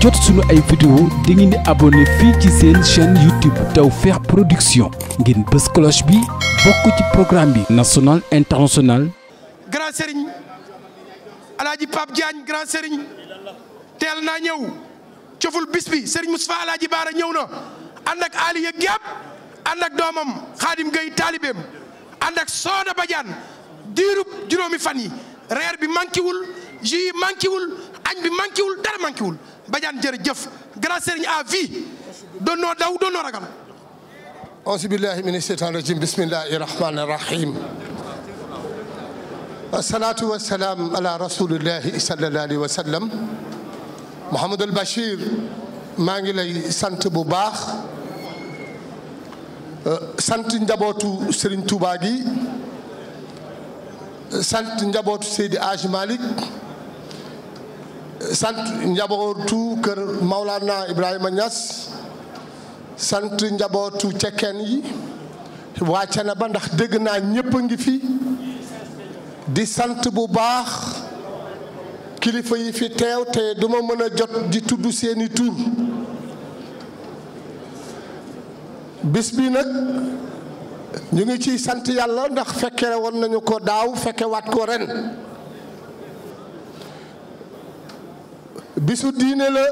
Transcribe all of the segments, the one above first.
jot suñu ay vidéo da ngeen di abonné fii ci seen chaîne YouTube Tawfekh Production ngeen bës cloche bi bokk ci programme bi national international grand sëriñ alaaji Pape Diagne grand sëriñ teel naa ñëw coful bis bi sëriñ Moustapha alaaji Baara ñëw na ànd ak Aliya Gap ànd ak doomam Xaadim Gueye taalibeem ànd ak Sooda Badiane diirub juróomi fan yi reer bi manqué wul jus yi manqué añ bi manqué dara manqué Badiane jërëjëf grâce Serigne à vie doonoo daw doonoo ragal auzu billahi mina sheytaan rajim bismillahi rahmani rahim asalaatu ala rasulillahi sallallahu alayhi wa sallam Mouhamadul Bachir maa ngi lay sant bu baax uh, sant njabootu Serigne Touba gi uh, sant njabootu Seydi sant njabootu kër Maulana Ibrahima ñas sant njabootu cekkeen yi waa ba ndax dégg naa ñépp a ngi fi di sant bu baax kilifa yi fi teew te duma mën a jot di tudd seeni tur bis bi nag ñu ngi ciy sant yàlla ndax fekke woon nañu ko daaw fekke waat ko ren bisu diine la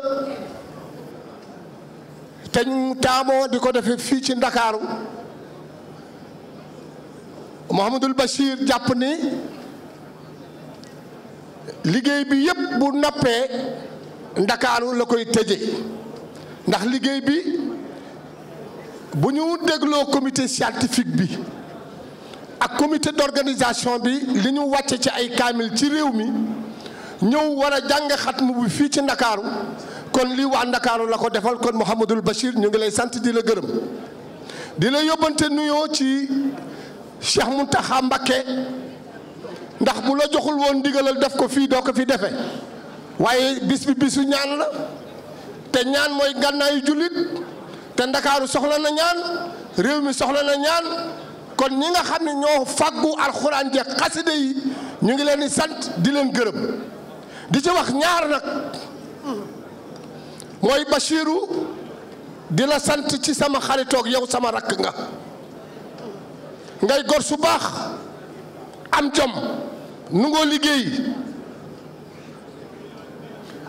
te ñu taamoo di ko defee fii ci ndakaaru Mouhamadul Bachir jàpp ni liggéey bi yépp bu nappee ndakaaru la koy tëje ndax liggéey bi bu ñu dégloo comité scientifique bi ak comité d'organisation bi li ñu wàcce ci ay kaamil ci réew mi ñëw war a jàng xatmu bu fii ci ndakaaru kon lii waa ndakaaru la ko defal kon Mouhamadul Bachir ñu ngi lay sant di la gërëm di la yóbbante nuyoo ci Cheikh Mountakha Mbacké ndax bu la joxul woon ndigalal def ko fii doo ko fi defe waaye bis bi bisu ñaan la te ñaan mooy gànnaayu jullit te ndakaaru soxla na ñaan réew mi soxla na ñaan kon ñi nga xam ne ñoo fàggu alxuraan je xasida yi ñu ngi leen di sant di leen gërëm di ci wax ñaar nag mooy Bachirou di la sant ci sama xaritoog yow sama rakk nga ngay gor subaax am jom nu liggéey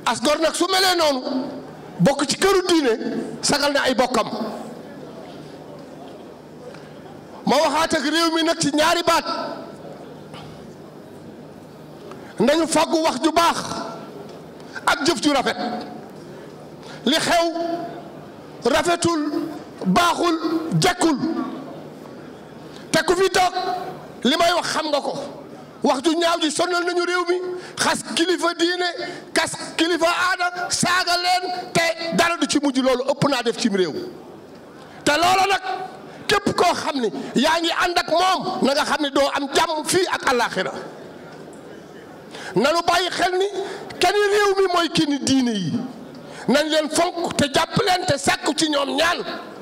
as gor nag su melee noonu bokk ci këru diine sagal na ay bokkam ma waxaat ak réew mi nag ci ñaari baat nañu fàggu wax ju baax ak jëf ju rafet li xew rafetul baaxul jekkul te ku fi toog li may wax xam nga ko wax ju ñaaw ji sonal nañu réew mi xas kilifa diine kas kilifa aada saaga leen te dara du ci mujj loolu ëpp naa def cim réew te loola nag képp koo xam ni yaa ngi ànd ak moom na nga xam ni doo am jàmm fii ak àllaaxira nanu bàyyi xel ni kenn réew mi mooy kenn diine yi nañ leen fonk te jàpp leen te sàkku ci ñoom ñaan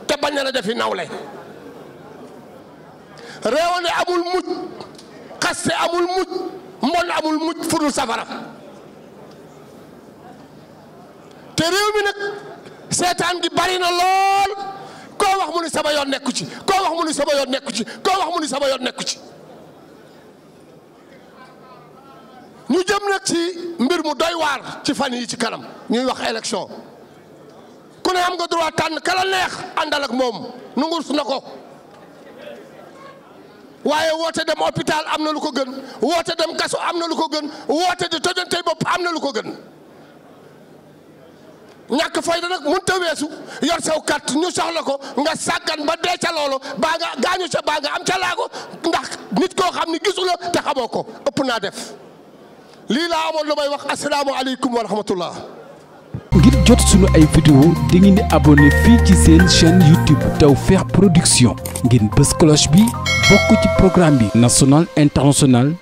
te bañ na defi nawle réewande amul mucc xaste amul mucc mbon amul mucc fudul safara te réew mi nag seetaan gi bari na lool koo wax mu ni sama yoon nekku ci koo wax mu ni sama yoon nekku ci koo wax mu ni sama yoon nekku ci ñu jëm nag ci mbir mu doy waar ci fan yi ci kanam ñuy wax élection ku ne am nga droit tànn kala neex moom ak moom nungus na ko waaye woote dem hôpital am na lu ko gën woote dem kaso am na lu ko gën woote di tojante bopp am na lu ko gën ñàkk fayda nag mun ta weesu yor saw kat ñu soxla ko nga sàggan ba dee ca loolu baa nga gaañu ca baa nga am ca laago ndax nit koo xam ni gisu te xamoo ko ëpp naa def lii laa amoon lu may wax asalaamaaleykum wa rahmatullah. ngir jot sunu ay vidéo di ngeen di abonné fii ci seen chaîne YouTube Tawfekh Production ngeen bës cloche bi bokk ci programme bi national international.